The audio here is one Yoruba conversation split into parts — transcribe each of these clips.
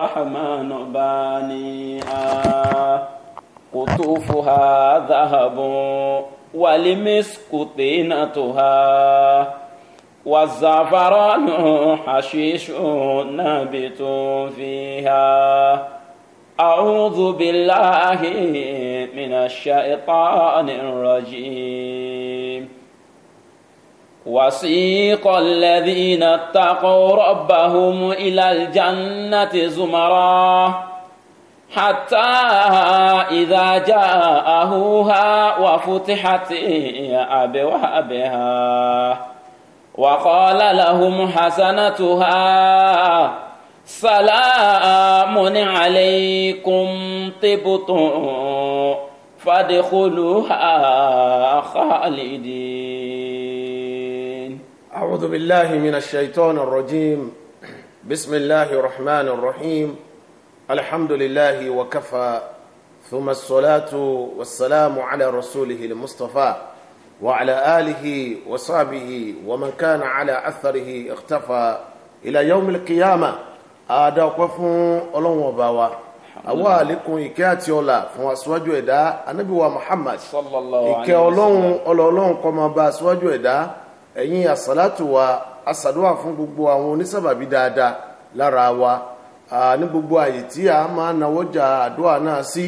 الرحمن بانيها قطوفها ذهب والمسك طينتها والزعفران حشيش نابت فيها أعوذ بالله من الشيطان الرجيم وسيق الذين اتقوا ربهم إلى الجنة زمرا حتى إذا جاءهوها وفتحت أبوابها وقال لهم حسنتها سلام عليكم طبتم فادخلوها خالدين أعوذ بالله من الشيطان الرجيم بسم الله الرحمن الرحيم الحمد لله وكفى ثم الصلاة والسلام على رسوله المصطفى وعلى آله وصحبه ومن كان على أثره اختفى إلى يوم القيامة أدعوكم فون أولون وباوا أواليكم àlékún الله àti ọlà fún aṣíwájú ẹ̀dá anábìwá Muhammad ìkẹ́ ọlọ́run ọlọ́ọ̀lọ́run kó máa bá ẹ̀yin àsàlátù wa àsàdúwà fún gbogbo àwọn onísàbàbí dáadáa lára wa ní gbogbo àyè tí a máa nawọ́jà àdúrà náà sí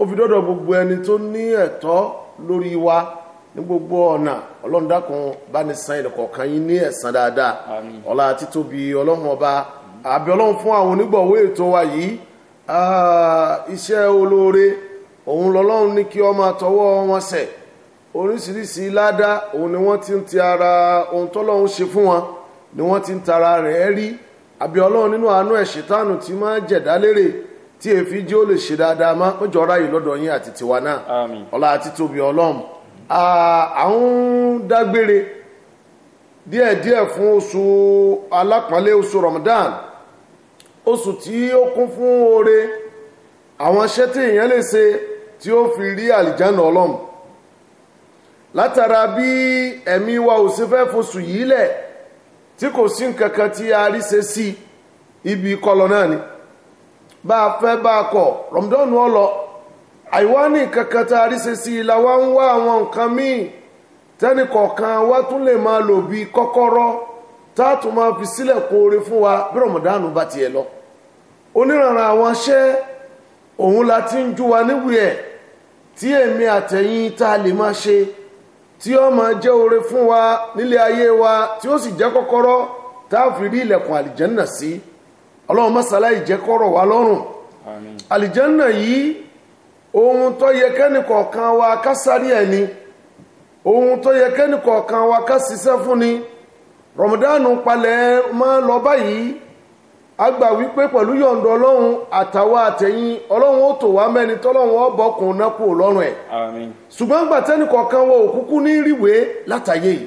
ó fi dọ́dọ̀ gbogbo ẹni tó ní ẹ̀tọ́ lórí wa ní gbogbo ọ̀nà ọlọ́run dákun bá ní san ìdọ̀kọ̀ọ̀kan yín ní ẹ̀san dáadáa ọlá títóbi ọlọ́run ọba àbí ọlọ́run fún àwọn onígbọ̀wé ètò wa yìí iṣẹ́ olóore òun lọ́lọ́run ní kí ó máa wọn sẹ̀ oríṣiríṣi ládá òun ni wọ́n ti ń ti ara ohun tọ́lọ́run ṣe fún wọn ni wọ́n ti ń tara rẹ̀ rí àbí ọlọ́run nínú àánú ẹ̀ ṣètánù tí máa jẹ̀dá lérè tí èéfín jẹ́ ó lè ṣe dáadáa má ó jọra yìí lọ́dọ̀ yín àti tiwa náà ọlá àti tóbi ọlọ́run àwọn dágbére díẹ̀díẹ̀ fún oṣù alápọ̀nlé oṣù Ramadan oṣù tí ó kún fún oore àwọn iṣẹ́ tí lè ṣe tí ó fi rí àlìjáná ọlọ́run látara bí ẹ̀mí wa ò sí fẹ́ fosù yìí lẹ̀ tí kò sí nǹkan tí a rí ṣe sí ibi kọlọ náà ni bá a fẹ́ bá a kọ̀ rọ̀mùdọ́nù ọ̀lọ́ àìwá ní nǹkan kan a rí ṣe sí i la wá ń wá àwọn nǹkan míì tẹ́nìkọ̀ọ̀kan wá tún lè máa lò bí kọ́kọ́rọ́ tá a tún máa fi sílẹ̀ kó oore fún wa bí rọ̀mùdánù bá tiẹ̀ lọ oníranran àwọn aṣẹ́ òun la ti ń jú wa níwèé ẹ̀ tí èmi àtẹ̀yìn tá a lè máa ṣe tí ó máa jẹ́ oore fún wa nílé ayé wa tí ó sì jẹ́ kọ́kọ́rọ́ tá a fi rí ilẹ̀kùn àlìjẹ́nà sí ọlọ́run mọ́sálá ìjẹ́kọ́rọ̀ wa lọ́rùn àlìjẹ́nà yìí ohun tó yẹ kẹ́nì kọ̀ọ̀kan wa ká sáré ẹ̀ ni ohun tó yẹ kẹ́nì kọ̀ọ̀kan wa ká ṣiṣẹ́ fún ni rọ̀mọdánù palẹ̀ máa lọ báyìí a gbà wípé pẹ̀lú yọ̀ǹda ọlọ́run àtàwọn àtẹ̀yìn ọlọ́run ó tò wá mẹ́ni tọ́lọ́run ọ̀bọ̀kùn náà kú lọ́rùn ẹ̀ ṣùgbọ́n gbà tẹ́nì kọ̀ọ̀kan wọ òkúkú ní ríwèé látàyè yìí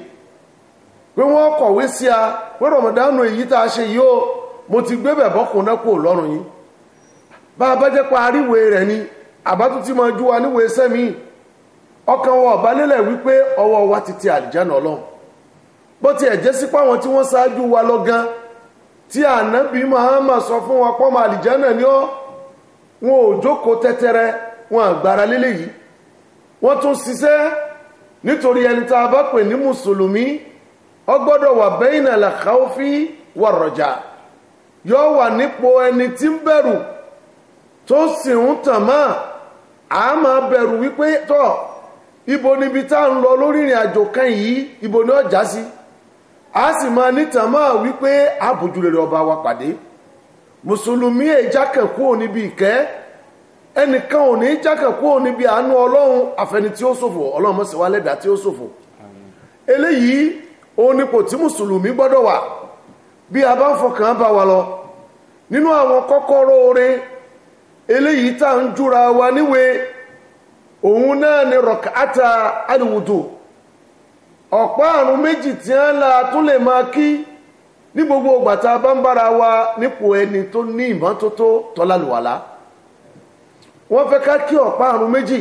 pé wọ́n kọ̀wé sí a pé rọ̀mọ̀dánù èyí tá a ṣe yìí ó mo ti gbé bẹ̀ bọ́kùn náà lọ́rùn yìí bá a bá jẹ́ pa ríwèé rẹ̀ ni àbátú ti máa ju wa níwèé sẹ́mi ọkàn wọn ọ̀bálẹ́lẹ̀ wípé ọwọ́ wa ti tí ànábì Muhammad sọ fún wọn pọ́nmọ́ náà ni ó wọn ò jókòó tẹ́tẹ́rẹ́ wọn àgbára lélẹ̀ yìí wọ́n tún ṣiṣẹ́ nítorí ẹni tá a bá pè ní mùsùlùmí ọ gbọ́dọ̀ wà bẹ́yìn àlàkáwọ́fí wà rọ̀jà yọ wà nípò ẹni tí ibo níbi tá à ń lọ ibo ni a sì máa nítan máa wípé àbójúrere ọba wa pàdé mùsùlùmí èjákàn kúrò níbi ìkẹ́ ẹnìkan ò ní jákàn kúrò níbi àánú ọlọ́run àfẹni tí ó ṣòfò ọlọ́run mọ́ sí wa lẹ́dàá tí ó ṣòfò eléyìí òun nípò tí mùsùlùmí gbọ́dọ̀ wà bí a bá ń fọkàn bá wa lọ nínú àwọn kọ́kọ́rọ́ oore eléyìí tá à ń júra wa níwèé òun náà ni rọ̀kátà àdìwùdù ọ̀pá àrùn méjì tí a ń la tún lè máa kí ní gbogbo wa nípò ẹni tó ní ìmọ́tótó tọ́lálùwàlá wọ́n fẹ́ ká kí ọ̀pá àrùn méjì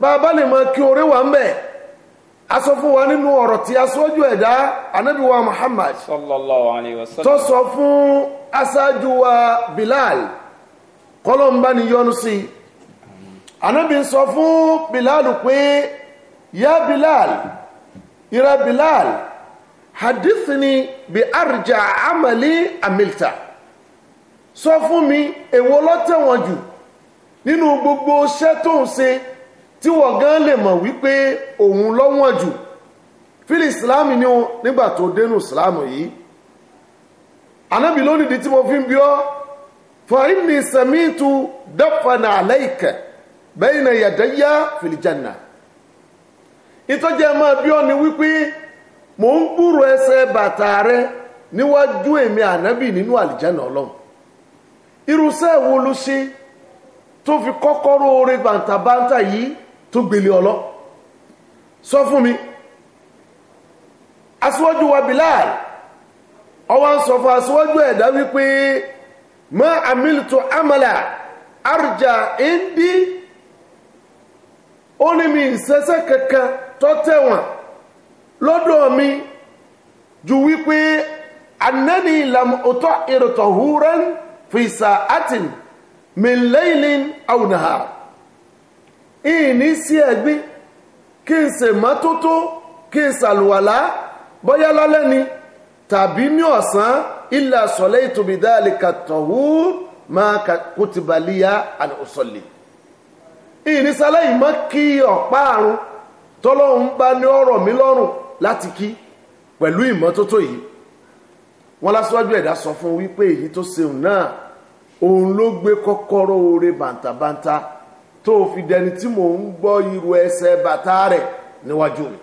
bá a bá lè máa kí oore wà ń bẹ̀ a sọ fún wa nínú ọ̀rọ̀ Muhammad wa Bilal ni sí sọ fún Bilal pé yá Bilal. ìrẹ́ Bilal hadithini bi arja amali amilta sọ fún mi èwo ló tẹ̀wọ̀n jù nínú gbogbo iṣẹ́ tó ń ṣe tí wọ́n gan lè mọ̀ wípé òun lọ́wọ́n jù fílì ìsìláàmù ni wọn nígbà tó dénú ìsìláàmù yìí anábì lónìí tí mo fi ń bí ọ́ fàínì sẹ̀mìtù dọ́fànà àlẹ́ ìkẹ̀ bẹ́yìn ẹ̀yẹ̀dẹ́yà fìlìjànà ìtọ́jú ẹ̀ máa ni wípé mò ń gbúrò ẹsẹ̀ bàtà rẹ níwájú èmi ànábì nínú àlìjáná ọlọ́run irúṣẹ́ wo ló ṣe tó fi kọ́kọ́rọ́ oore bàǹtàbàǹtà yìí tó gbélé ọlọ́ sọ fún mi aṣíwájú wa Bilal ọwọ́ ń sọ fún aṣíwájú ẹ̀dá wípé ó ní mi ìṣẹ́ṣẹ́ kankan tó tẹ̀wọ̀n lọ́dọ̀ mi ju wípé anani lam ọ̀tọ̀ ìrọ̀tọ̀ húrán fi sa'atin min laylin aw nahar ìní sí ẹ̀gbín kí n ṣe mọ́tótó kí n ṣàlùwàlá bóyá lálẹ́ ni tàbí ní ọ̀sán illa sallaytu bidhalika at-tahur ma kutiba liya an ìrísálẹ̀ ìmọ̀ kí ọ̀pá àrùn tọ́lọ́hún bá ní ọ̀rọ̀ mi lọ́rùn láti kí pẹ̀lú ìmọ́tótó yìí wọ́n lásìwájú ẹ̀dá sọ fún wípé èyí tó ṣeun náà òun ló gbé kọ́kọ́rọ́ oore bàǹtàbàǹtà tó fi dẹni tí mò ń gbọ́ irú ẹsẹ̀ bàtà rẹ̀ níwájú mi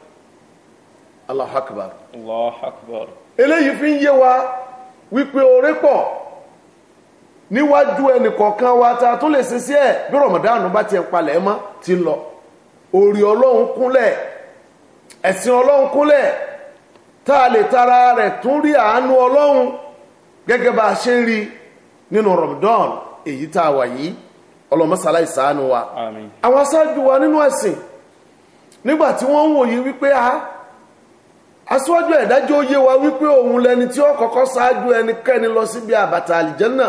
Allahu Akbar eléyìí fi ń yé wa wípé oore pọ̀ níwájú ẹnì kọ̀ọ̀kan wa ta tó lè ṣe sí ẹ̀ bí Ramadan bá tiẹ̀ palẹ̀ ẹ mọ́ ti lọ orí ọlọ́run kúnlẹ̀ ẹ̀sìn ọlọ́run kúnlẹ̀ tá a lè tara rẹ̀ tún rí àánú ọlọ́run gẹ́gẹ́ bá a ṣe ń rí nínú Ramadan èyí tá a wà yìí ọlọ́mọsálá ìsàánú wa àwọn aṣáájú wa nínú ẹ̀sìn nígbà tí wọ́n ń wòye wípé a aṣáájú ẹ̀dájọ́ yé wa wípé òun lẹni tí ó kọ́kọ́ ṣáájú ẹnikẹ́ni lọ síbi àbàtà àlìjẹ́nnà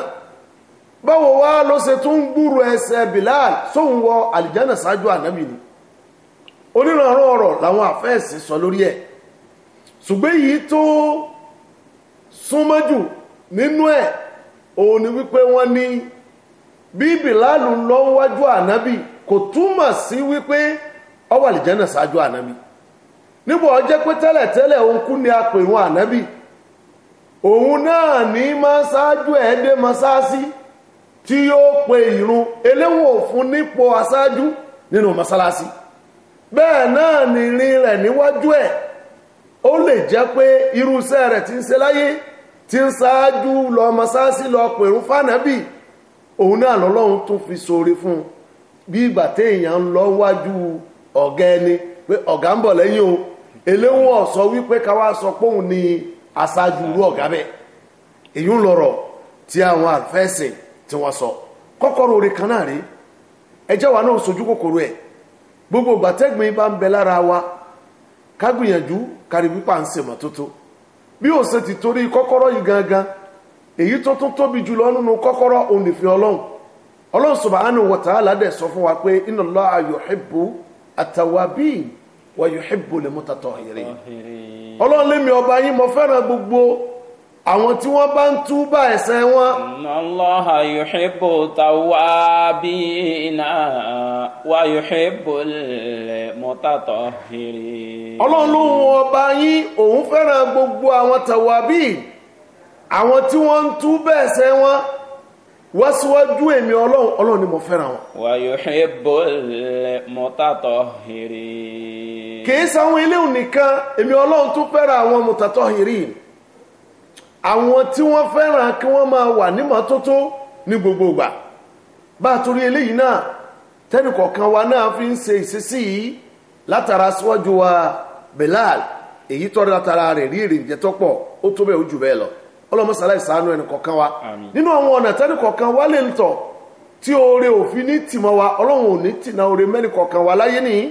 báwo wá ló ṣe tún ń gbúrò ẹsẹ̀ Bilal sóhun wọ àlìjánà ṣáájú ànábì ni onírànràn ọ̀rọ̀ làwọn àfẹ́ẹ̀sì sọ lórí ẹ̀ ṣùgbọ́n èyí tó jù nínú ẹ̀ òun ni wípé wọ́n ní bí Bilal lọ wájú ànábì kò túmọ̀ sí wípé ó àlìjánà ṣáájú ànábì níbo pé tẹ́lẹ̀tẹ́lẹ̀ òun kú ni apèrún ànábì òun tí yóò pe ìrun eléwò fún nípò aṣáájú nínú masalasi bẹ́ẹ̀ náà ni rin rẹ̀ níwájú ẹ̀ ó lè jẹ́ pé irúṣẹ́ rẹ̀ ti ń se láyé tí ń ṣáájú lọ masalasi lọ pèrún fánàbì òun náà lọ́lọ́run fi sóore fún bí ìgbà ń lọ ẹni pé ọ̀gá ń bọ̀ o eléwò ọ̀sọ́ wípé sọ ni aṣáájú irú ọ̀gá bẹ́ẹ̀ èyí ń tí wọ́n sọ kọ́kọ́rọ̀ orí kan náà rí ẹjẹ́ wa náà sojú kòkòrò ẹ̀ gbogbo gbàtẹ́gbìn bá ń bẹ lára wa ká gbìyànjú kárí pípa ń ṣe bí ó ti torí kọ́kọ́rọ́ yìí gangan èyí tó tún tóbi jùlọ nínú kọ́kọ́rọ́ onífin ọlọ́run ọlọ́run sọ fún wa pé wa ọlọ́run ọba àwọn tí wọ́n bá ń túbà ẹ̀ṣẹ̀ wọn. Allaha yuhibbu tawabina wa yuhibbul mutatahhirin. ọlọ́run ló ń ọba yín òun fẹ́ràn gbogbo àwọn tawabi àwọn tí wọn ń túbà ẹ̀ṣẹ̀ wọn wá síwájú èmi ọlọ́run ọlọ́run ni mo fẹ́ràn wọn. wa yuhibbul mutatahhirin. kì í sanwó ilé òun nìkan èmi ọlọ́run tún fẹ́ràn àwọn mutatahhirin àwọn tí wọ́n fẹ́ràn kí wọ́n máa wà ní mọ́tótó ní gbogbo ìgbà bá a torí eléyìí náà wa náà fi ń ṣe ìṣesí yìí látara síwájú wa belal èyí tọ́ látara rẹ̀ rí èrè tọ́pọ̀ ó tó bẹ́ẹ̀ wa nínú àwọn ọ̀nà wa lè tọ̀ òfin ní tìmọ̀ wa ọlọ́run ò ní tìna oore wa láyé nìyí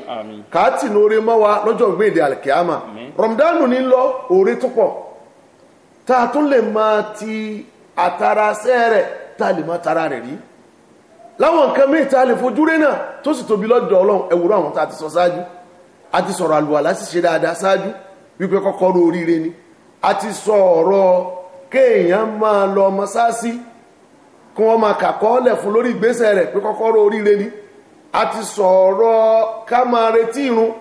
tìna oore mọ́ wa lọ́jọ́ rọ̀mùdánù ní lọ oore tó tá a tún lè máa ti àtàrà sẹ́ rẹ̀ tá a lè máa tara rẹ̀ rí láwọn nǹkan míì tá a lè fojú rí náà tó sì tóbi lọ́dọ̀ ọlọ́run ẹ̀wùrọ̀ àwọn tá a ti sọ ṣáájú a ti sọ̀rọ̀ àlùwàlá sì ṣe dáadáa ṣáájú wípé kọ́kọ́rọ́ oríire ni a ti sọ ọ̀rọ̀ kéèyàn máa lọ mọ́sáàsì kí wọ́n máa kàkọ́ọ́lẹ̀ fún lórí ìgbésẹ̀ rẹ̀ pé kọ́kọ́rọ́ oríire ni a ti sọ̀rọ̀ ká máa retí irun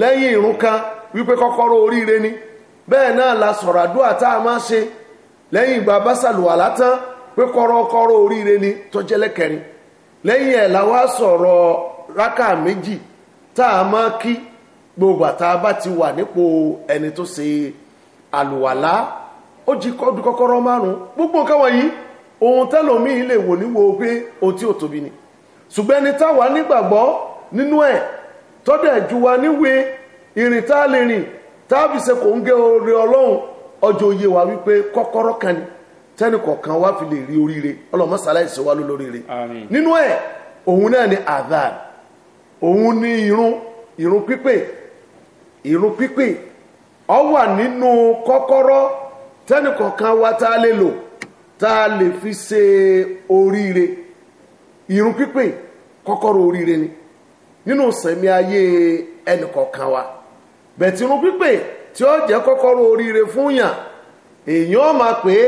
lẹ́yìn irun kan wípé kọ́kọ́rọ́ oríire ni bẹ́ẹ̀ náà la sọ̀rọ̀ àdúrà tá a máa ṣe lẹ́yìn ìgbà bá ṣàlùwàlá pé kọ́rọ́kọ́rọ́ oríire ni tó jẹ́ lẹ́kẹrin lẹ́yìn ẹ̀ la wá sọ̀rọ̀ rákà méjì tá a máa kí gbogbo àtà bá ti wà nípò ẹni tó ṣe àlùwàlá ó jí kọ́dù kọ́kọ́rọ́ márùn-ún gbogbo nǹkan wọ̀nyí ohun tẹ́lòmíì lè wò níwò pé ohun tí ò tóbi ni ṣùgbọ́n ẹni táwa nígbàgbọ́ nínú ẹ̀ tọ́dẹ̀ ju wa níwèé ìrìn lè rìn táàbì ṣe kò ń gé orí ọlọ́run ọjọ́ òye wa wípé kọ́kọ́rọ́ kan ni tẹ́nì kọ̀ọ̀kan wá fi lè rí oríire ọlọ́mọṣáláì ṣe wá lólóríire nínú ẹ̀ òun náà ni adhan òun ni irun irun pípè irun pípè ọ wà nínú kọ́kọ́rọ́ tẹ́nì kọ̀ọ̀kan wá tá a lè lò tá a lè fi ṣe oríire irun pípè kọ́kọ́rọ́ oríire ni nínú sẹ̀mí ayé ẹnì kọ̀ọ̀kan wa. bẹ̀tìrún pípè tí ó jẹ́ kọ́kọ́rọ́ oríire fún yàn èèyàn máa pè é